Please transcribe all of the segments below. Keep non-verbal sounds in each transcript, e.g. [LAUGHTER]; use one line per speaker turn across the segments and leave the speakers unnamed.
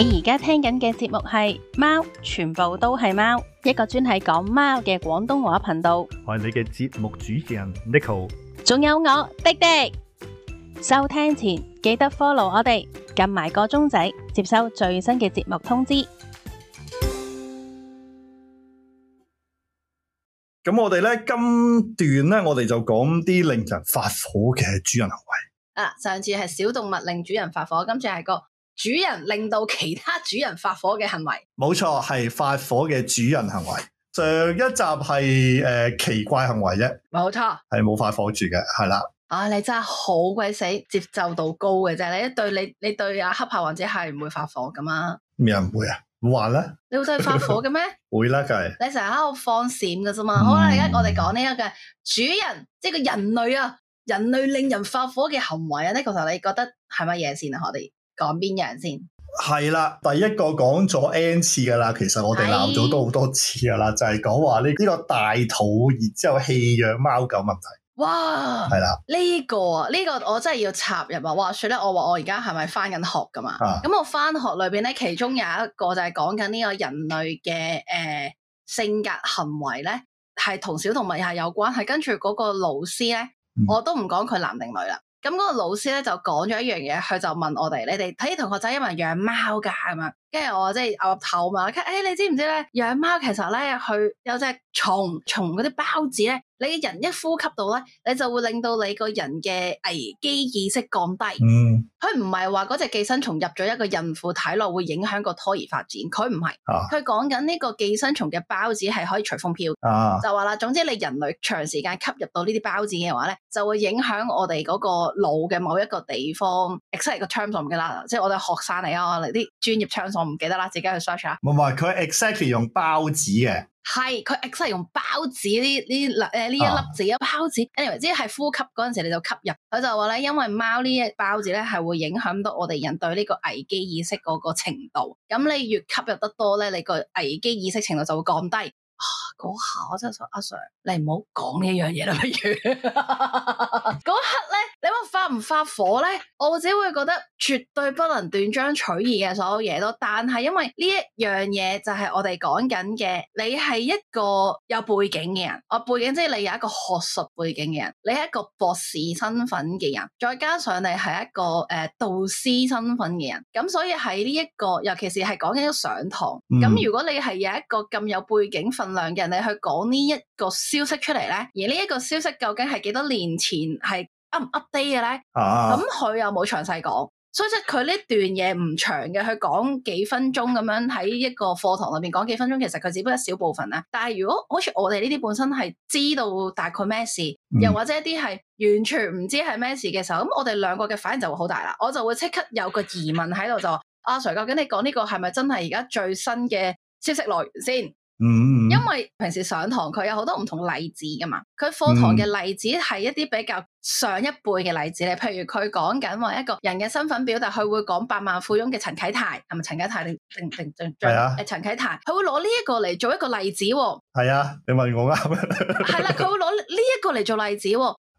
你而家聽緊嘅節目係《貓》，全部都係貓，一個專係講貓嘅廣東話頻道。
我係你嘅節目主持人 Neko，
仲有我廸廸。收聽前記得 follow 我哋，撳埋個鐘仔，接收最新嘅節目通知。
咁我哋咧，今段咧，我哋就講啲令人發火嘅主人行為。
啊，上次係小動物令主人發火，今次係個主人令到其他主人發火嘅行為，
冇錯係發火嘅主人行為。上一集係誒、呃、奇怪行為啫，冇錯係冇發火住嘅，係啦。
啊，你真係好鬼死接受度高嘅啫！你一對你你對阿黑豹王者係唔會發火噶嘛？
咩唔會啊？冇話 [LAUGHS] 啦，就是、你會真係發火嘅咩？會啦梗。
你成日喺度放閃嘅啫嘛？嗯、好啦，而家我哋講呢一個主人，即係個人類啊，人類令人發火嘅行為咧，其實你覺得係乜嘢先啊？我哋。講邊樣先？
係啦，第一個講咗 n 次噶啦，其實我哋鬧咗都好多次噶啦，的就係講話呢呢個大肚然之後棄養貓狗問題。
哇！係啦的，呢、這個啊呢、這個我真係要插入我我是是啊！話說咧，我話我而家係咪翻緊學噶嘛？咁我翻學裏邊咧，其中有一個就係講緊呢個人類嘅，誒、呃、性格行為咧，係同小動物係有關係。跟住嗰個老師咧，我都唔講佢男定女啦。嗯咁嗰個老師咧，就講咗一樣嘢，佢就問我哋，你哋睇啲同學仔因為養貓噶，咁樣。跟住我即係岌岌頭嘛，誒，你知唔知咧？養貓其實咧，佢有隻蟲蟲嗰啲包子咧，你人一呼吸到咧，你就會令到你個人嘅危機意識降低。佢唔係話嗰隻寄生蟲入咗一個孕婦體內會影響個胎兒發展，佢唔係，佢講緊呢個寄生蟲嘅包子係可以隨風飄。啊，就話啦，總之你人類長時間吸入到呢啲包子嘅話咧，就會影響我哋嗰個腦嘅某一個地方，specific term 唔記得啦，即係我哋學生嚟啊，嚟啲專業。我唔記得啦，自己去 search 下。
冇，佢 exactly 用包子嘅，
係佢 exactly 用包子呢呢粒呢一粒字啊，包子 anyway 即係呼吸嗰陣時你就吸入。佢就話咧，因為貓呢一包子咧係會影響到我哋人對呢個危機意識嗰個程度。咁你越吸入得多咧，你個危機意識程度就會降低。嗰、啊、下我真係想阿、啊、Sir，你唔好講呢一樣嘢啦，不如 [LAUGHS] [LAUGHS] [LAUGHS] 發火咧，我只會會覺得絕對不能斷章取義嘅所有嘢都，但係因為呢一樣嘢就係我哋講緊嘅，你係一個有背景嘅人，我背景即係你有一個學術背景嘅人，你係一個博士身份嘅人，再加上你係一個誒導師身份嘅人，咁所以喺呢一個，尤其是係講緊上堂，咁、嗯、如果你係有一個咁有背景分量嘅人，你去講呢一個消息出嚟咧，而呢一個消息究竟係幾多年前係？up 唔 update 嘅咧，咁佢、啊、又冇詳細講，所以即佢呢段嘢唔長嘅，佢講幾分鐘咁樣，喺一個課堂入邊講幾分鐘，其實佢只不過一小部分啦。但係如果好似我哋呢啲本身係知道大概咩事，又或者一啲係完全唔知係咩事嘅時候，咁、嗯、我哋兩個嘅反應就會好大啦。我就會即刻有個疑問喺度，就阿、啊、Sir 究竟你講呢個係咪真係而家最新嘅消息來源先？嗯，嗯，因為平時上堂佢有好多唔同例子噶嘛，佢課堂嘅例子係一啲比較上一輩嘅例子咧，嗯、譬如佢講緊話一個人嘅身份表達，佢會講百萬富翁嘅陳啟泰，係咪陳啟泰定定定最係啊？陳啟泰，佢會攞呢一個嚟做一個例子，
係啊，你問
我啱、啊，係啦，佢會攞呢一個嚟做例子。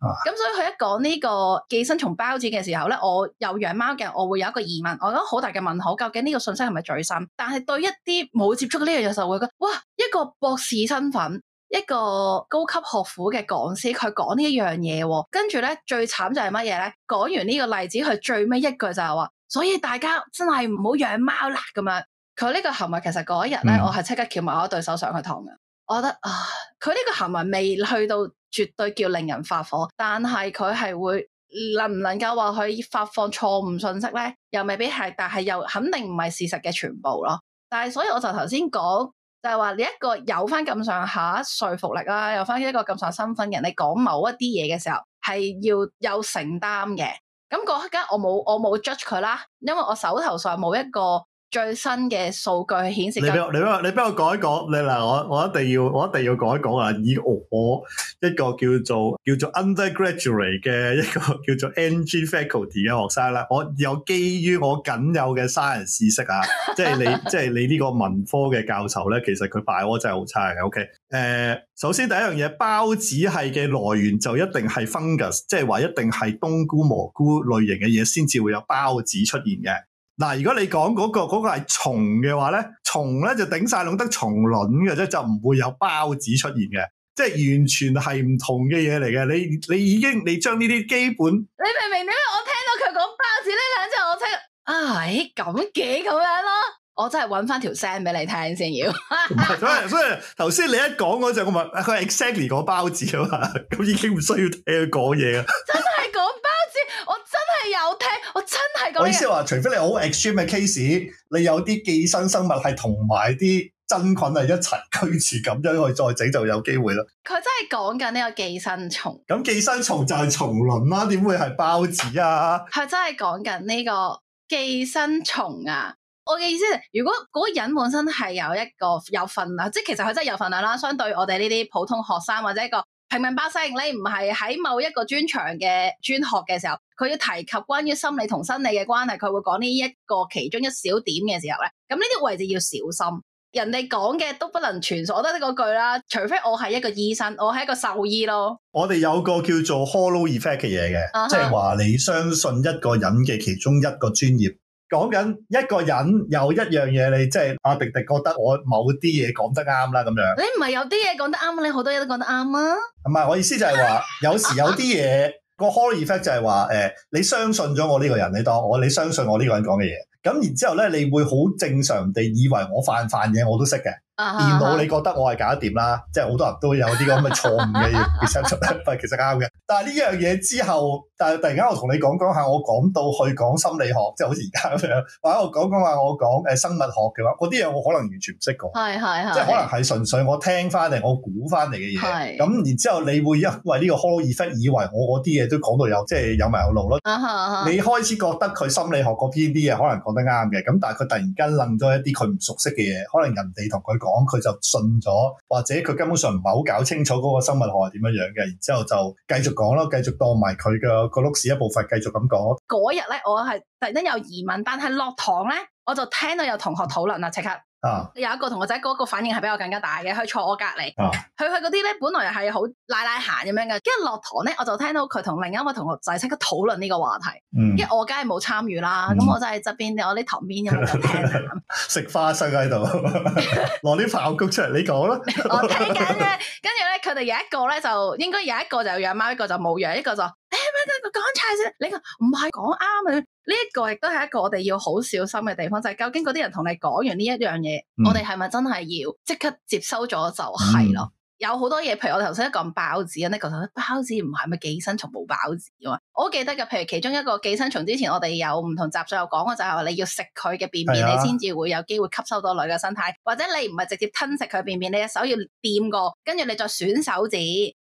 咁、啊、所以佢一講呢個寄生蟲包子嘅時候咧，我有養貓嘅，我會有一個疑問，我覺得好大嘅問號，究竟呢個信息係咪最新？但係對一啲冇接觸呢樣嘢，就會覺得哇，一個博士身份，一個高級學府嘅講師，佢講呢一樣嘢，跟住咧最慘就係乜嘢咧？講完呢個例子，佢最尾一句就係、是、話，所以大家真係唔好養貓啦咁樣。佢呢個行為其實嗰日咧，嗯啊、我係即刻翹埋我對手上去堂嘅，我覺得啊，佢呢個行為未去到。絕對叫令人發火，但係佢係會能唔能夠話佢發放錯誤信息咧？又未必係，但係又肯定唔係事實嘅全部咯。但係所以我就頭先講，就係話你一個有翻咁上下說服力啦，有翻一個咁上身份嘅人，你講某一啲嘢嘅時候，係要有承擔嘅。咁嗰刻我冇我冇 judge 佢啦，因為我手頭上冇一個。最新嘅數據顯示，你俾我，
你俾你俾我講一講。你嗱，我我一定要，我一定要講一講啊！以我一個叫做叫做 undergraduate 嘅一個叫做 NG faculty 嘅學生啦，我有基於我僅有嘅 science 知識啊，即係你，即係 [LAUGHS] 你呢個文科嘅教授咧，其實佢擺我真係好差嘅。OK，誒、呃，首先第一樣嘢，孢子係嘅來源就一定係 fungus，即係話一定係冬菇、蘑菇類型嘅嘢先至會有孢子出現嘅。嗱，如果你講嗰個嗰個係蟲嘅話咧，蟲咧就頂晒籠得蟲卵嘅啫，就唔會有包子出現嘅，即係完全係唔同嘅嘢嚟嘅。你你已經你將呢啲基本，
你明明點解我聽到佢講包子呢兩隻字，我聽啊，咁嘅咁樣幾咯。我真係揾翻條聲俾你聽先要 [LAUGHS]
所。所以所以頭先你一講嗰陣，我問佢係 exactly 講包子啊嘛，咁 [LAUGHS] 已經唔需要聽佢講嘢啊。
有聽，我真係講嘢。我意思話，
除非你好 extreme 嘅 case，你有啲寄生生物係同埋啲真菌係一齊居住咁樣去再整就有機會啦。
佢真係講緊呢個寄生蟲。
咁寄生蟲就係蟲卵啦，點會係包子啊？
佢真係講緊呢個寄生蟲啊！我嘅意思係，如果嗰個人本身係有一個有份量，即係其實佢真係有份量啦。相對我哋呢啲普通學生或者一個。平民百姓，你唔係喺某一個專場嘅專學嘅時候，佢要提及關於心理同生理嘅關係，佢會講呢一個其中一小點嘅時候咧，咁呢啲位置要小心。人哋講嘅都不能全信，我得嗰句啦，除非我係一個醫生，我係一個獸醫咯。
我哋有個叫做 Halo Effect 嘅嘢嘅，uh huh. 即係話你相信一個人嘅其中一個專業。講緊一個人有一樣嘢，你即係阿迪迪覺得我某啲嘢講得啱啦，咁樣。你
唔係有啲嘢講得啱，你好多嘢都講得啱啊。
唔係，我意思就係話，有時有啲嘢個 halo effect 就係話，誒、呃，你相信咗我呢個人，你當我你相信我呢個人講嘅嘢，咁然之後咧，你會好正常地以為我泛泛嘢我都識嘅。電腦你覺得我係搞得掂啦， [LAUGHS] 即係好多人都有啲咁嘅錯誤嘅嘢 p r 其實啱嘅。但係呢樣嘢之後，但係突然間我同你講講下，我講到去講心理學，即係好似而家咁樣，或者我講講下我講誒生物學嘅話，嗰啲嘢我可能完全唔識嘅，是
是是即係可能
係純粹我聽翻嚟，我估翻嚟嘅嘢。咁，是是 然之後你會因為呢個 a 爾芬以為我嗰啲嘢都講到有，即、就、係、是、有埋有路咯。是是是你開始覺得佢心理學嗰邊啲嘢可能講得啱嘅，咁但係佢突然間楞咗一啲佢唔熟悉嘅嘢，可能人哋同佢講。講佢就信咗，或者佢根本上唔係好搞清楚嗰個生物學係點樣樣嘅，然之後就繼續講咯，繼續當埋佢嘅個 notes 一部分，繼續咁講。
嗰日咧，我係突然間有疑問，但係落堂咧，我就聽到有同學討論啦，即刻，啊！有一個同學仔嗰個反應係比我更加大嘅，佢坐我隔籬。佢去嗰啲咧本來係好奶奶閒咁樣嘅，跟住落堂咧我就聽到佢同另一個同學仔即刻討論呢個話題。嗯，跟住我梗係冇參與啦，咁、嗯、我，我，我就喺側邊我啲旁邊咁樣聽。
嗯、 [LAUGHS] [LAUGHS] 食花生喺度，攞啲爆谷出嚟，你講啦。我
聽緊啫，跟住咧佢哋有一個咧就應該有一個就養貓，一個就冇養，一個就。講錯先，你，你、這個唔係講啱啊！呢一個亦都係一個我哋要好小心嘅地方，就係、是、究竟嗰啲人同你講完呢一樣嘢，嗯、我哋係咪真係要即刻接收咗就係咯？嗯、有好多嘢，譬如我哋頭先一講包子，你講頭包子唔係咪寄生蟲冇包子啊？我記得嘅，譬如其中一個寄生蟲之前，我哋有唔同集上又講過，就係話你要食佢嘅便便，嗯、你先至會有機會吸收到女嘅身體，或者你唔係直接吞食佢便便，你隻手要掂過，跟住你再吮手指。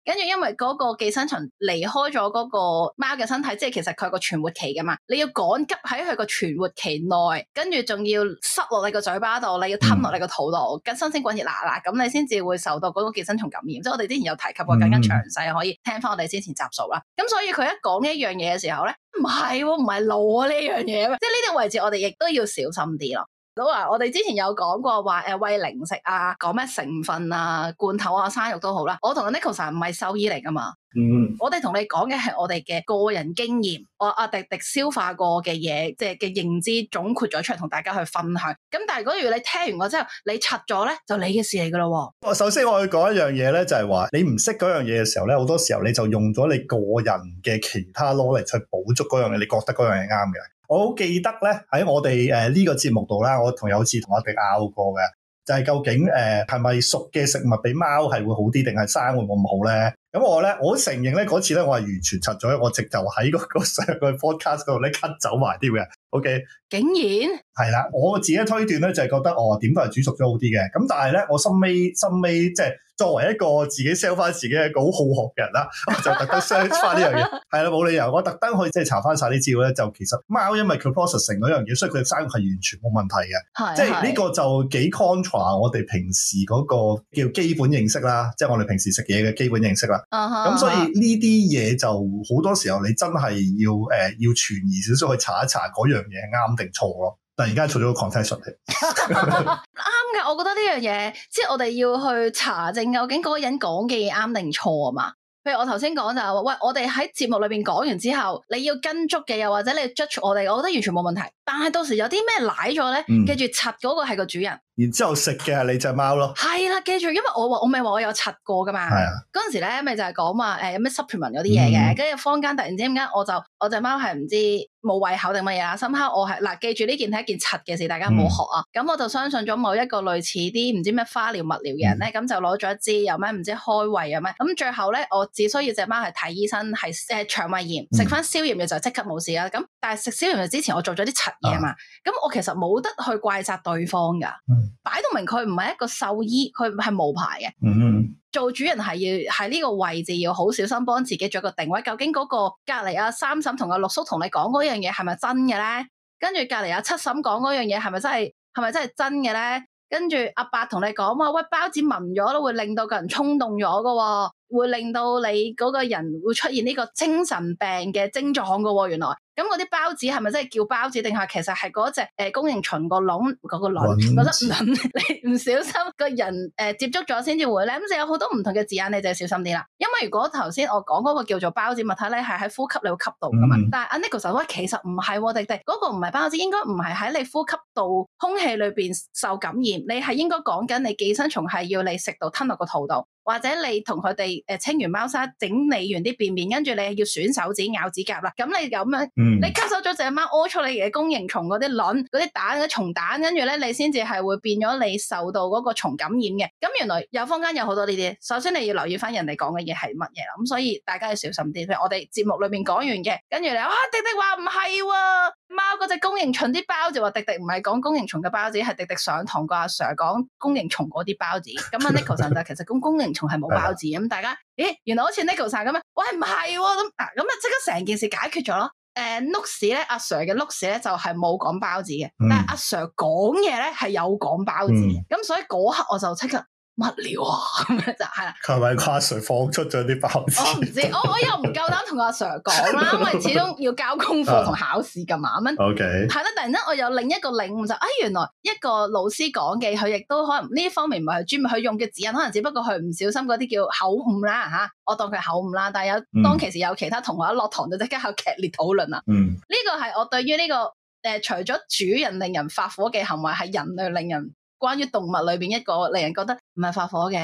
跟住，因為嗰個寄生蟲離開咗嗰個貓嘅身體，即係其實佢係個存活期噶嘛，你要趕急喺佢個存活期內，跟住仲要塞落你個嘴巴度，你要吞落你個肚度，跟新鮮滾熱辣辣，咁你先至會受到嗰種寄生蟲感染。即係我哋之前有提及過，更加詳細可以聽翻我哋先前集數啦。咁、嗯、所以佢一講一樣嘢嘅時候咧，唔係喎，唔係老啊呢樣嘢，即係呢啲位置我哋亦都要小心啲咯。老啊！我哋之前有講過話誒、啊、餵零食啊，講咩成分啊，罐頭啊，生肉都好啦。我同阿 Neko 唔係獸醫嚟噶嘛。嗯。我哋同你講嘅係我哋嘅個人經驗，我阿、啊、迪迪消化過嘅嘢，即係嘅認知總括咗出嚟同大家去分享。咁但係如果如你聽完我之後你拆咗咧，就你嘅事嚟噶咯。
我首先我要講一樣嘢咧，就係、是、話你唔識嗰樣嘢嘅時候咧，好多時候你就用咗你個人嘅其他邏輯去補足嗰樣嘢，你覺得嗰樣嘢啱嘅。我好記得咧，喺我哋誒呢個節目度啦，我同有次同我哋拗過嘅，就係、是、究竟誒係咪熟嘅食物俾貓係會好啲，定係生會冇咁好咧？咁我咧，我承認咧嗰次咧，我係完全柒咗，我直頭喺嗰個上個 Podcast 度咧 cut 走埋啲嘅。O.K. 竟然係啦，我自己推斷咧就係覺得哦，點都係煮熟咗好啲嘅。咁但係咧，我心尾心尾即係作為一個自己 sell 翻自己嘅一個好好學嘅人啦， [LAUGHS] 我就特登 sell 翻呢樣嘢。係啦，冇理由，我特登去即係查翻晒啲資料咧。就其實貓因為佢 process 成嗰樣嘢，所以佢嘅生係完全冇問題
嘅。是是即係呢個
就幾 contra 我哋平時嗰個叫基本認識啦，即係我哋平時食嘢嘅基本認識啦。咁 [LAUGHS] 所以呢啲嘢就好多時候你真係要誒要存疑少少去查一查嗰樣。嘢啱定錯咯，但係而家做咗個 content 嚟。
啱㗎，我覺得呢樣嘢，即係我哋要去查證究竟嗰個人講嘅嘢啱定錯啊嘛。譬如我頭先講就係話，喂，我哋喺節目裏邊講完之後，你要跟足嘅，又或者你要 judge 我哋，我覺得完全冇問題。但係到時有啲咩瀨咗咧，記住，柒嗰個係個主人。嗯
然之後食嘅係你隻貓咯，
係啦、啊，記住，因為我我咪話我有柒過噶嘛，係啊，嗰陣時咧咪就係、是、講嘛，誒、呃、有咩 supplement 嗰啲嘢嘅，跟住、嗯、坊間突然之間我就我隻貓係唔知冇胃口定乜嘢啦，深刻我係嗱記住呢件係一件柒嘅事，大家唔好學啊，咁、嗯、我就相信咗某一個類似啲唔知咩花療物療嘅人咧，咁、嗯、就攞咗一支有咩唔知開胃啊咩，咁最後咧我只需要隻貓係睇醫生係誒腸胃炎，食翻消炎藥就即刻冇事啦，咁、嗯、但係食消炎藥之前我做咗啲柒嘢嘛，咁、啊、我其實冇得去怪責對方噶。嗯擺到明佢唔係一個獸醫，佢係無牌嘅。嗯、mm，hmm. 做主人係要喺呢個位置要好小心，幫自己着一個定位。究竟嗰個隔籬阿三嬸同阿六叔同你講嗰樣嘢係咪真嘅咧？跟住隔籬阿七嬸講嗰樣嘢係咪真係係咪真係真嘅咧？跟住阿伯同你講話喂，包子聞咗都會令到個人衝動咗噶、哦。會令到你嗰個人會出現呢個精神病嘅症狀噶喎、哦，原來咁嗰啲孢子係咪真係叫孢子，定係其實係嗰隻誒，弓、呃、形蟲、嗰個籠嗰個卵，嗰、嗯、隻卵，你唔小心個人誒、呃、接觸咗先至會咧，咁就有好多唔同嘅字眼，你就要小心啲啦。因為如果頭先我講嗰個叫做孢子物體咧，係喺呼吸你會吸到噶嘛，嗯、但係阿 Neko 就話其實唔係、哦，廸廸嗰個唔係孢子，應該唔係喺你呼吸道、空氣裏邊受感染，你係應該講緊你寄生蟲係要你食到吞落個肚度。或者你同佢哋誒清完貓砂，整理完啲便便，跟住你係要吮手指咬指甲啦。咁你咁樣，嗯、你吸收咗隻貓屙出嚟嘅弓形蟲嗰啲卵、嗰啲蛋、嗰啲蟲蛋，跟住咧你先至係會變咗你受到嗰個蟲感染嘅。咁原來有坊間有好多呢啲，首先你要留意翻人哋講嘅嘢係乜嘢啦。咁所以大家要小心啲。譬如我哋節目裏面講完嘅，跟住你啊，迪迪話唔係喎。貓嗰隻公蠅蟲啲包就話迪迪唔係講公蠅蟲嘅包子，係迪迪想同個阿 Sir 講公蠅蟲嗰啲包子。咁阿 [LAUGHS] Neko 就其實公公蠅蟲係冇包子，咁 [LAUGHS] 大家，咦，原來好似 Neko 咁啊？喂，唔係喎，咁啊，咁啊，即刻成件事解決咗咯。誒，Lucy 咧，es, 阿 Sir 嘅 Lucy 咧就係冇講包子嘅，嗯、但係阿 Sir 講嘢咧係有講包子嘅，咁、嗯、所以嗰刻我就即刻。乜料
啊，咁樣就係啦，係咪阿 Sir 放出咗啲爆字？我唔
知，我 [LAUGHS] 我又唔夠膽同阿 Sir 講啦， [LAUGHS] 因為始終要交功課同考試噶嘛，咁樣。OK。係啦，突然間我有另一個領悟就，哎，原來一個老師講嘅，佢亦都可能呢一方面唔係專門，佢用嘅指引，可能只不過佢唔小心嗰啲叫口誤啦吓，我當佢口誤啦。但係有、嗯、當其時有其他同學一落堂就即刻有劇烈討論啦。嗯，呢個係我對於呢、這個誒，除咗主人令人發火嘅行為，係人類令人。關於動物裏邊一個令人覺得唔係發火嘅，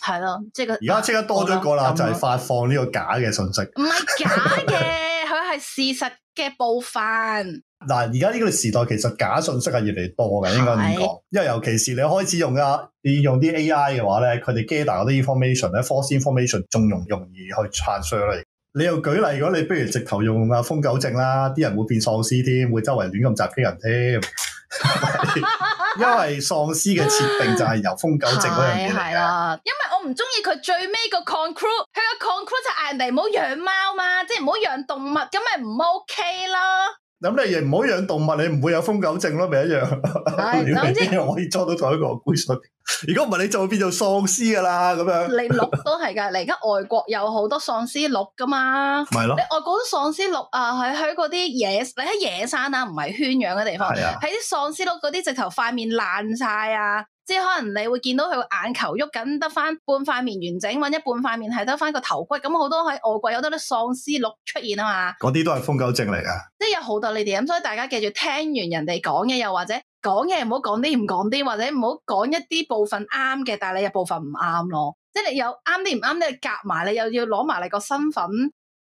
係咯，即係而家即刻多咗一個啦，就係發
放呢個假嘅信息。唔係假
嘅，佢係 [LAUGHS] 事實嘅部分。
嗱，而家呢個時代其實假信息係越嚟越多嘅，的應該咁講？因為尤其是你開始用啊，你用啲 AI 嘅話咧，佢哋 gather 嗰啲 information 咧 false [LAUGHS] information 仲容容易去 cancel 嚟。你又舉例，如果你不如直頭用啊瘋狗症啦，啲人會變喪屍添，會周圍亂咁襲擊人添。 [LAUGHS] [LAUGHS] 因為喪屍嘅設定就係由瘋狗症嗰樣嘢嚟嘅，
係啦，因為我唔中意佢最尾個 conclude，佢個 conclude 就嗌人哋唔好養貓嘛，即係唔好養動物，咁咪唔 OK 咯。
咁你亦唔好養動物，你唔會有瘋狗症咯，咪一樣。
係，總之可以
裝到同一個龜孫。如果唔係，你就會變做喪屍噶啦咁樣。你
鹿都係噶， [LAUGHS] 你而家外國有好多喪屍鹿噶嘛？係咯。你外國啲喪屍鹿啊，係喺嗰啲野，你喺野山啊，唔係圈養嘅地方。係啊。喺啲喪屍鹿嗰啲直頭塊面爛晒啊！即係可能你會見到佢眼球喐緊，得翻半塊面完整，搵一半塊面係得翻個頭骨。咁好多喺外國有得啲喪屍鹿出現啊嘛，
嗰啲都係瘋狗症嚟㗎！即
係有好多呢啲咁，所以大家記住聽完人哋講嘢，又或者講嘢唔好講啲唔講啲，或者唔好講一啲部分啱嘅，但係你，你有部分唔啱咯。即係你有啱啲唔啱你夾埋你又要攞埋你個身份。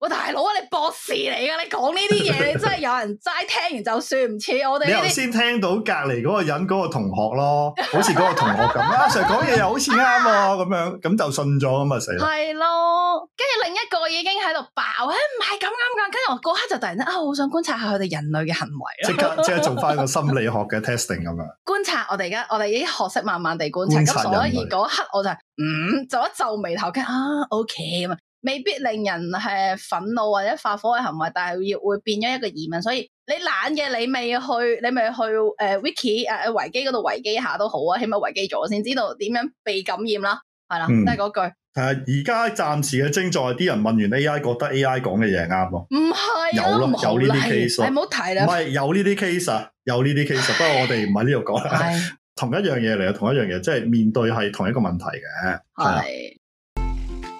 我大佬啊，你博士嚟噶，你講呢啲嘢，你真係有人齋聽完就算，唔似我哋你頭先
聽到隔籬嗰個人嗰個同學咯，好似嗰個同學咁，阿 Sir 講嘢又好似啱咁樣，咁、 [LAUGHS] 啊啊、就信咗啊嘛死。係
咯，跟住另一個已經喺度爆，誒，唔係咁啱噶。跟住我嗰刻就突然間啊，好想觀察下佢哋人類嘅行為。即刻即係做翻
個心理學嘅 testing 咁樣 [LAUGHS] 。
觀察我哋而家，我哋已經學識慢慢地觀察。咁所以嗰刻我就嗯就一皺眉頭，跟啊 OK 咁啊。Okay, 未必令人係、呃、憤怒或者發火嘅行為，但係要會變咗一個疑問。所以你懶嘅，你咪去，你咪去誒、呃、Wiki 誒、呃、維基度維基一下都好啊，起碼維基咗先知道點樣被感染啦。係啦、嗯，都係嗰句。
誒，而家暫時嘅症狀係啲人問完 A.I. 覺得 A.I. 講嘅嘢啱
喎。唔係啊，有呢了啲 case，你唔好提啦。唔係
有呢啲 case，有呢啲 case，是不過我哋唔喺呢度講。同一樣嘢嚟，同一樣嘢，即係面對係同一個問題嘅。係是。是